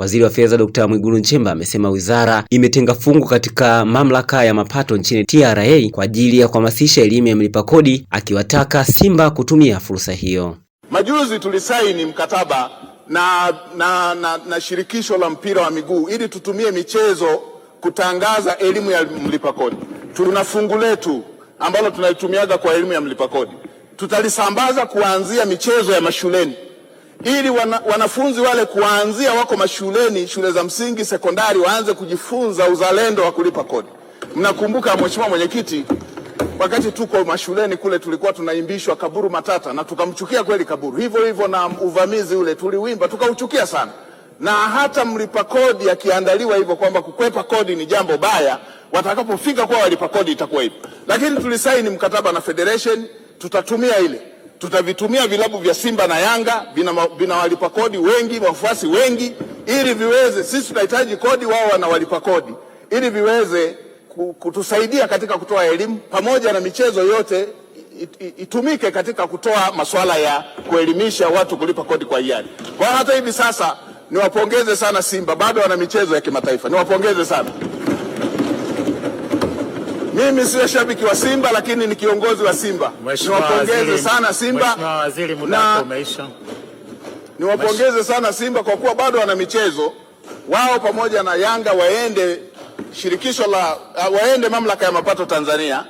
Waziri wa Fedha Dr. Mwigulu Nchemba amesema wizara imetenga fungu katika mamlaka ya mapato nchini TRA kwa ajili ya kuhamasisha elimu ya mlipa kodi, akiwataka Simba kutumia fursa hiyo. Majuzi tulisaini mkataba na, na, na, na shirikisho la mpira wa miguu ili tutumie michezo kutangaza elimu ya mlipa kodi. Tuna fungu letu ambalo tunalitumiaga kwa elimu ya mlipa kodi, tutalisambaza kuanzia michezo ya mashuleni ili wana, wanafunzi wale kuanzia wako mashuleni, shule za msingi, sekondari, waanze kujifunza uzalendo wa kulipa kodi. Mnakumbuka Mheshimiwa Mwenyekiti, wakati tuko mashuleni kule tulikuwa tunaimbishwa kaburu matata, na tukamchukia kweli kaburu. Hivyo hivyo na uvamizi ule tuliuimba, tukauchukia sana, na hata mlipa kodi akiandaliwa hivyo kwamba kukwepa kodi ni jambo baya, watakapofika kuwa walipa kodi itakuwa hivyo. Lakini tulisaini mkataba na federation, tutatumia ile tutavitumia vilabu vya Simba na Yanga vinawalipa vina kodi wengi wafuasi wengi, ili viweze, sisi tunahitaji kodi, wao wanawalipa kodi, ili viweze kutusaidia katika kutoa elimu pamoja na michezo yote itumike katika kutoa masuala ya kuelimisha watu kulipa kodi kwa hiari. Kwa hata hivi sasa niwapongeze sana Simba, bado wana michezo ya kimataifa, niwapongeze sana. Mimi siyo shabiki wa Simba lakini ni kiongozi wa Simba. Niwapongeze sana Simba. Na niwapongeze sana Simba kwa kuwa bado wana michezo wao pamoja na Yanga waende shirikisho la uh, waende mamlaka ya mapato Tanzania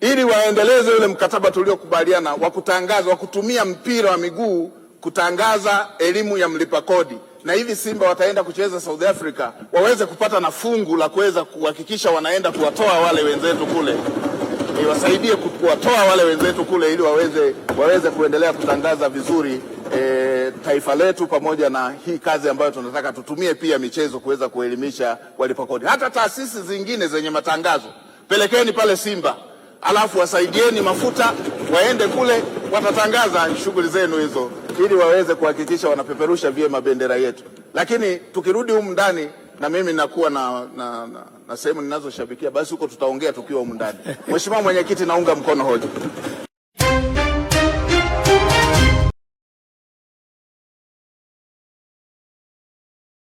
ili waendeleze ule mkataba tuliokubaliana wa kutangaza wa kutumia mpira wa miguu kutangaza elimu ya mlipa kodi na hivi Simba wataenda kucheza South Africa waweze kupata na fungu la kuweza kuhakikisha wanaenda kuwatoa wale wenzetu kule, iwasaidie kuwatoa wale wenzetu kule ili waweze, waweze kuendelea kutangaza vizuri e, taifa letu pamoja na hii kazi ambayo tunataka tutumie pia michezo kuweza kuelimisha walipokodi Hata taasisi zingine zenye matangazo pelekeni pale Simba, alafu wasaidieni mafuta waende kule watatangaza shughuli zenu hizo, ili waweze kuhakikisha wanapeperusha vyema bendera yetu. Lakini tukirudi humu ndani, na mimi nakuwa na, na, na, na sehemu ninazoshabikia, basi huko tutaongea tukiwa humu ndani. Mheshimiwa Mwenyekiti, naunga mkono hoja.